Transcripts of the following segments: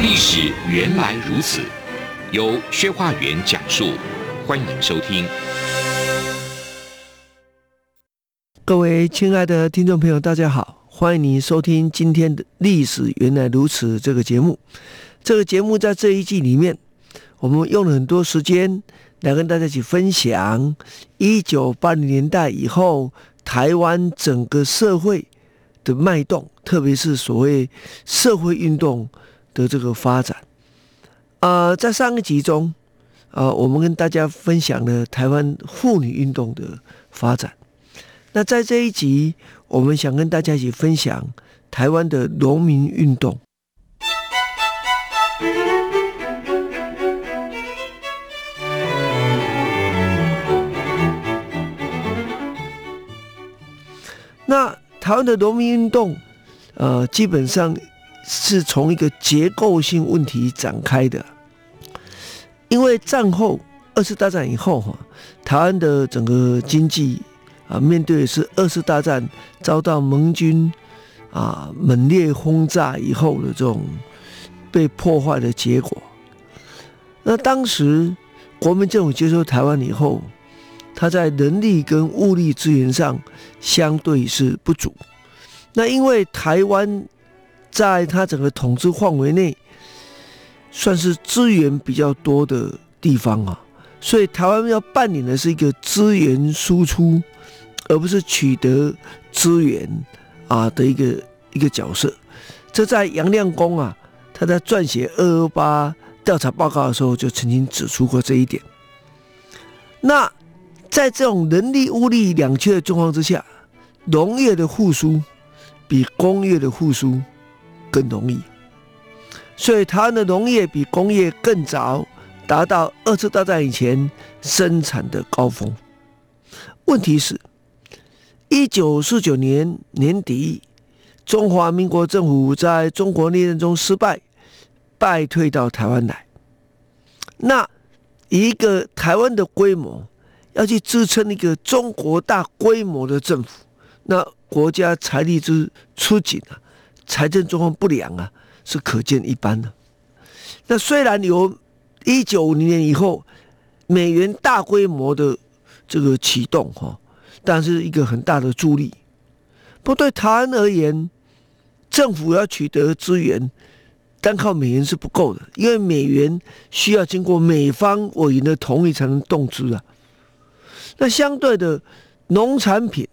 歷史原來如此，由薛化元講述，歡迎收聽。各位親愛的聽眾朋友，大家好，歡迎您收聽今天的歷史原來如此這個節目。這個節目在這一季裡面，我們用了很多時間來跟大家一起分享一九八零年代以後台灣整個社會的脈動，特別是所謂社會運動的這個發展，呃，在上一集中，呃，我們跟大家分享了台灣婦女運動的發展。那在這一集，我們想跟大家一起分享台灣的農民運動。那台灣的農民運動，呃，基本上。是從一個結構性問題展開的，因為戰後二次大戰以後哈、啊，台灣的整個經濟啊，面對的是二次大戰遭到盟軍啊猛烈轟炸以後的這種被破壞的結果。那當時國民政府接收台灣以後，他在人力跟物力資源上相對是不足，那因為台灣。在他整個統治範圍內，算是資源比較多的地方啊，所以台灣要扮演的是一個資源輸出，而不是取得資源啊的一個一個角色。這在楊亮功啊，他在撰寫二二八調查報告的時候就曾經指出過這一點。那在這種人力物力兩缺的狀況之下，農業的復甦比工業的復甦。更容易，所以他的農業比工業更早達到二次大戰以前生產的高峰。問題是，一九四九年年底，中華民國政府在中國內戰中失敗，敗退到台灣來。那一個台灣的規模要去支撐一個中國大規模的政府，那國家財力之出緊、啊。財政狀況不良啊，是可見一斑的。那雖然由一九五零年以後美元大規模的這個啟動哈，但是一個很大的助力。不過對台灣而言，政府要取得資源，單靠美元是不夠的，因為美元需要經過美方委員的同意才能動資啊。那相對的，農產品、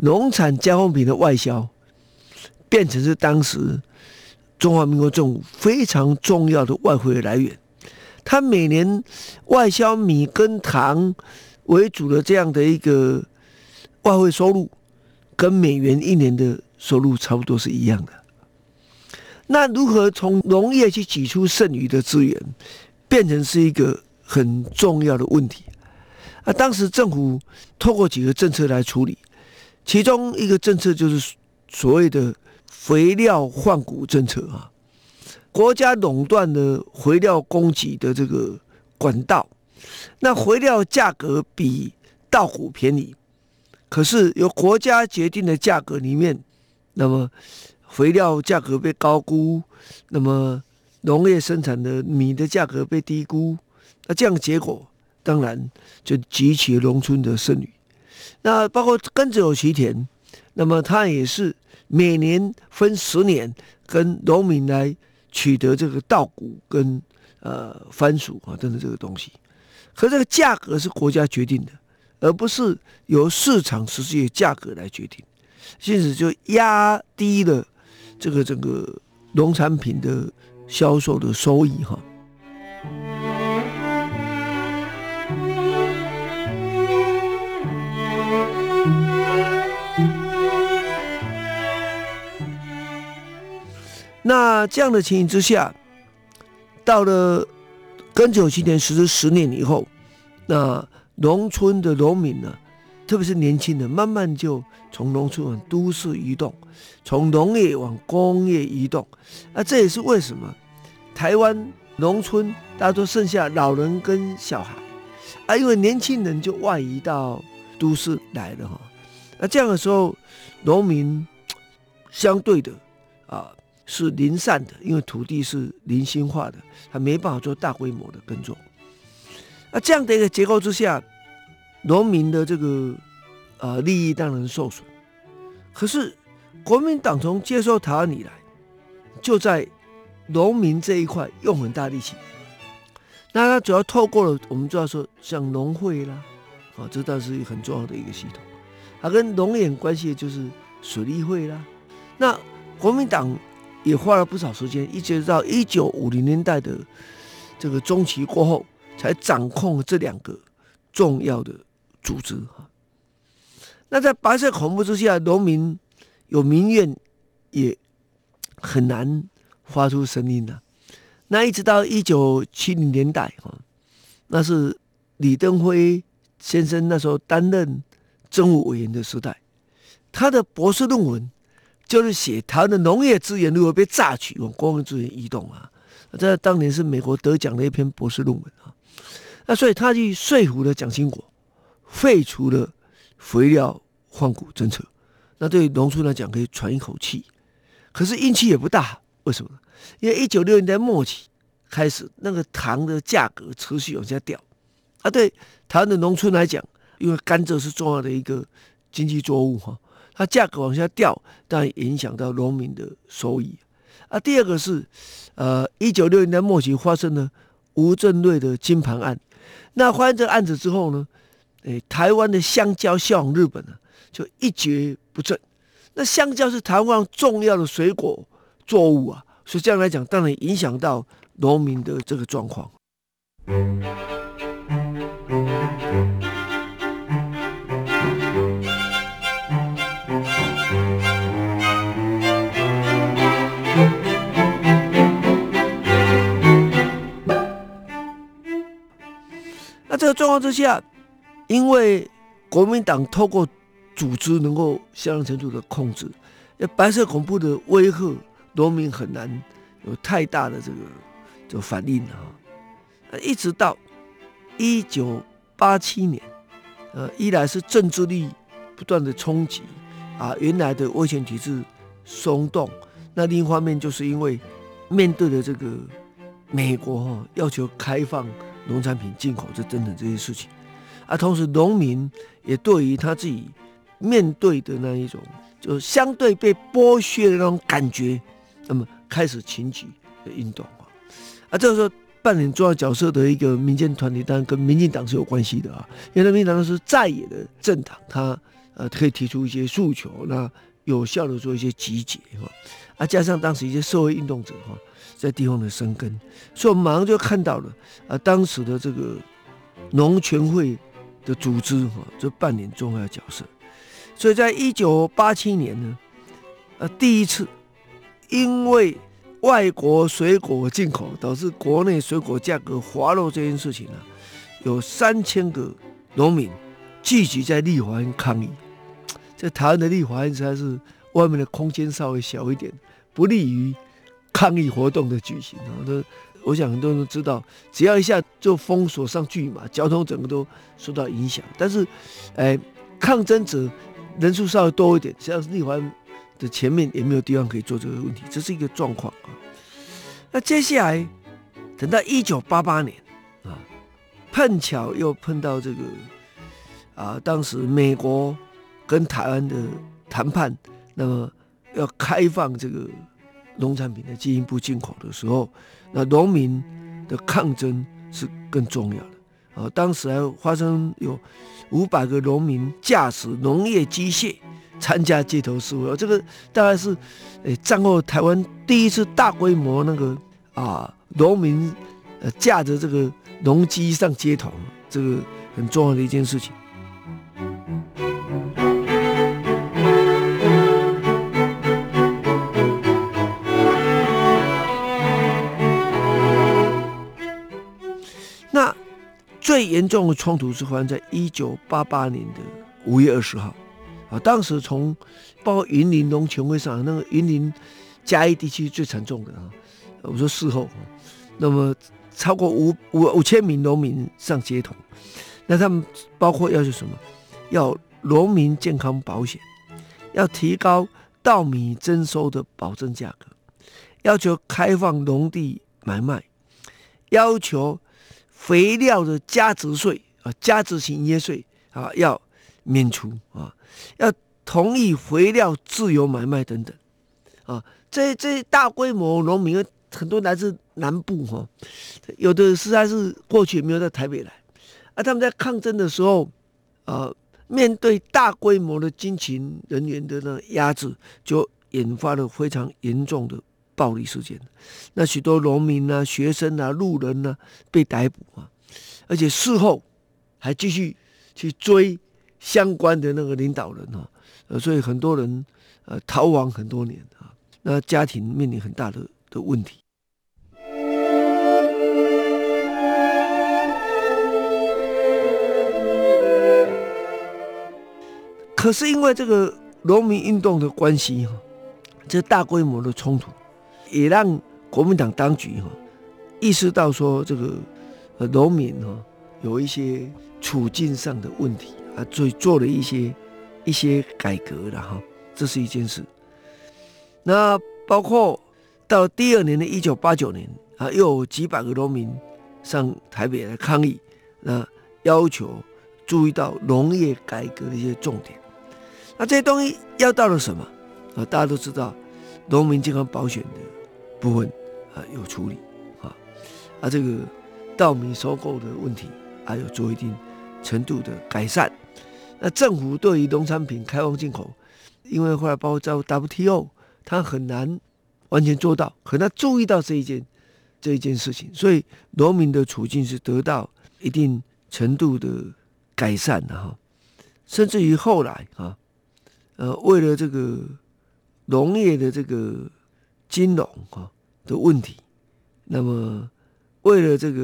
農產加工品的外銷。變成是當時中華民國政府非常重要的外匯來源，它每年外銷米跟糖為主的這樣的一個外匯收入，跟美元一年的收入差不多是一樣的。那如何從農業去擠出剩餘的資源，變成是一個很重要的問題。啊，當時政府透過幾個政策來處理，其中一個政策就是所謂的。肥料換穀政策啊，國家壟斷了肥料供給的這個管道，那肥料價格比稻穀便宜，可是由國家決定的價格裡面，那麼肥料價格被高估，那麼農業生產的米的價格被低估，那這樣的結果當然就激起農村的剩餘，那包括耕者有其田。那麼他也是每年分十年跟農民來取得這個稻穀跟呃番薯、啊等等這個東西，可這個價格是國家決定的，而不是由市場實際的價格來決定，甚至就壓低了這個這個農產品的銷售的收益哈、啊。那這樣的情形之下，到了跟九七年實施十年以後，那農村的農民呢、啊，特別是年輕人，慢慢就從農村往都市移動，從農業往工業移動。啊，這也是為什麼台灣農村大家都剩下老人跟小孩，啊，因為年輕人就外移到都市來了哈。那、啊、這樣的時候，農民相對的啊。是零散的，因為土地是零星化的，它沒辦法做大規模的耕作。那、啊、這樣的一個結構之下，農民的這個呃利益當然受損。可是國民黨從接收台灣以來，就在農民這一塊用很大力氣。那它主要透過了我們就要說像農會啦，啊，這倒是一個很重要的一個系統。它、啊、跟農業很關係的就是水利會啦。那國民黨，也花了不少時間，一直到一九五零年代的這個中期過後，才掌控這兩個重要的組織哈。那在白色恐怖之下，農民有民怨也很難發出聲音的啊。那一直到一九七零年代哈，那是李登輝先生那時候擔任政務委員的時代，他的博士論文。就是寫台灣的農業資源如何被榨取往工業資源移動啊，這在當年是美國得獎的一篇博士論文啊。那所以他去說服了蔣經國，廢除了肥料換穀政策。那對農村來講可以喘一口氣，可是運氣也不大。為什麼呢？因為一九六零年代末期開始，那個糖的價格持續往下掉啊。對台灣的農村來講，因為甘蔗是重要的一個經濟作物哈、啊。它價格往下掉，當然影響到農民的收益。啊，第二個是，呃，一九六零年末期發生了吳振瑞的金盤案。那發生這個案子之後呢，欸、台灣的香蕉銷往日本、啊、就一蹶不振。那香蕉是台灣重要的水果作物啊，所以這樣來講，當然影響到農民的這個狀況。嗯之下，因為國民黨透過組織能夠相當程度的控制，白色恐怖的威嚇，農民很難有太大的這個這反應啊。一直到一九八七年，呃，一來是政治力不斷的衝擊啊、呃，原來的威權體制鬆動；那另一方面，就是因為面對的這個美國要求開放。農產品進口這等等這些事情，啊，同時農民也對於他自己面對的那一種，就是相對被剝削的那種感覺，那、嗯、麼開始群起的運動啊，啊，這個時候扮演重要角色的一個民間團體，當然跟民進黨是有關係的啊，因為民進黨是在野的政黨，他呃可以提出一些訴求，那。有效的做一些集結，哈，啊，加上當時一些社會運動者哈，在地方的生根，所以我們馬上就看到了，啊，當時的這個農權會的組織哈，就扮演重要的角色，所以在一九八七年呢，啊，第一次因為外國水果進口導致國內水果價格滑落這件事情呢，有三千個農民聚集在立法院抗議。在台灣的立法院還是外面的空間稍微小一點，不利於抗議活動的舉行，哦。然後，我想很多人都知道，只要一下就封鎖上去嘛，交通整個都受到影響。但是，哎、呃，抗爭者人數稍微多一點，實際上立法院的前面也沒有地方可以做這個問題，這是一個狀況啊、哦。那接下來等到一九八八年啊，碰巧又碰到這個啊，當時美國。跟台灣的談判，那麼要開放這個農產品的進一步進口的時候，那農民的抗爭是更重要的。啊，哦，當時還發生有五百個農民駕駛農業機械參加街頭示威。哦，這個大概是呃戰後台灣第一次大規模那個啊農民呃駕着這個農機上街頭，這個很重要的一件事情。嚴重的衝突之患，在一九八八年的五月二十號，啊，當時從包括雲林農權會上，那個雲林嘉義地區最慘重的啊，我說事後那麼超過五五五千名農民上街頭，那他們包括要求什麼？要農民健康保險，要提高稻米徵收的保證價格，要求開放農地買賣，要求。肥料的加值稅啊，加值型營業稅啊，要免除啊，要同意肥料自由買賣等等啊。這這大規模農民很多來自南部哈、啊，有的實在是過去沒有到台北來，啊，他們在抗爭的時候，啊、面對大規模的軍情人員的壓制，就引發了非常嚴重的。暴力事件，那許多農民啊、學生啊、路人呢、啊、被逮捕啊，而且事後還繼續去追相關的那個領導人啊，呃、所以很多人呃逃亡很多年啊，那家庭面臨很大的的問題。可是因為這個農民運動的關係哈、啊，這大規模的衝突。也讓國民黨當局哈意識到說這個呃農民哈有一些處境上的問題啊，做做了一些一些改革的哈，這是一件事。那包括到第二年的一九八九年啊，又有幾百個農民上台北來抗議，那要求注意到農業改革的一些重點。那這些東西要到了什麼啊？大家都知道。農民健康保險的部分啊，有處理啊，啊這個稻米收購的問題還、啊、有做一定程度的改善。那政府對於農產品開放進口，因為後來包括在 WTO，他很難完全做到，很難注意到這一件這一件事情，所以農民的處境是得到一定程度的改善的哈、啊。甚至於後來啊，呃，為了這個。農業的這個金融哈的問題，那麼為了這個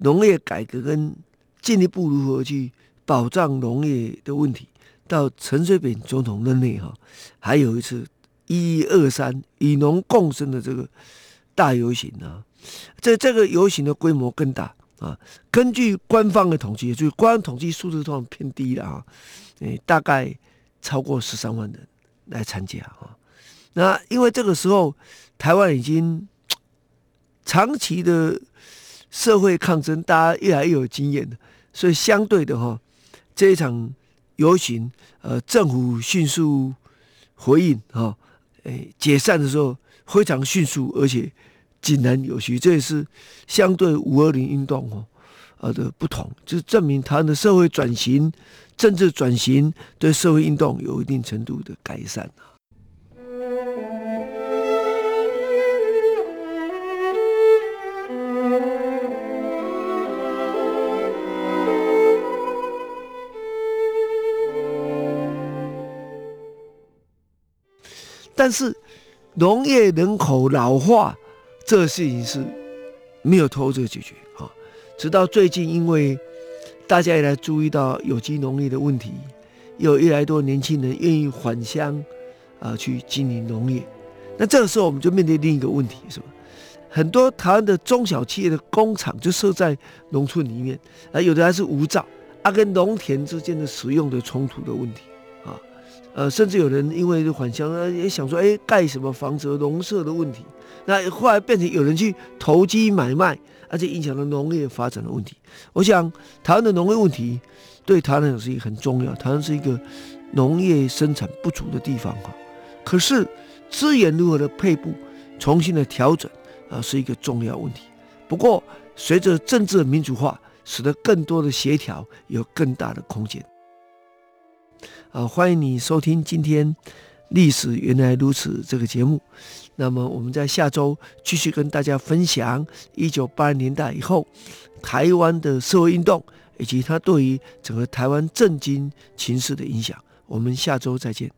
農業改革跟進一步如何去保障農業的問題，到陳水扁總統任內哈，還有一次一一二三與農共生的這個大遊行啊，這這個遊行的規模更大啊！根據官方的統計，就是官方統計數字通常偏低了啊，誒，大概超過十三萬人來參加啊。那因為這個時候，台灣已經長期的社會抗爭，大家越來越有經驗了，所以相對的哈，這一場遊行，呃，政府迅速回應哈，誒、呃，解散的時候非常迅速，而且井然有序，這也是相對五二零運動哦，呃的不同，就證明台灣的社會轉型、政治轉型對社會運動有一定程度的改善。但是農業人口老化，這個事情是沒有偷這個解決啊。直到最近，因為大家也來注意到有機農業的問題，有越來越多年輕人願意返鄉啊、呃、去經營農業。那這個時候，我們就面對另一個問題是吧，很多台灣的中小企業的工廠就設在農村裡面，啊，有的還是無照，啊，跟農田之間的使用的衝突的問題。呃，甚至有人因為返鄉，呃，也想說，哎，蓋什麼房子、農舍的問題，那後來變成有人去投機買賣，而、啊、且影響了農業發展的問題。我想，台灣的農業問題對台灣是一個很重要，台灣是一個農業生產不足的地方啊。可是資源如何的配布、重新的調整，啊、呃，是一個重要問題。不過，隨着政治的民主化，使得更多的協調有更大的空間。啊，歡迎你收聽今天《歷史原來如此》這個節目。那麼，我們在下周繼續跟大家分享1980年代以後台灣的社會運動以及它對於整個台灣政經情勢的影響。我們下周再見。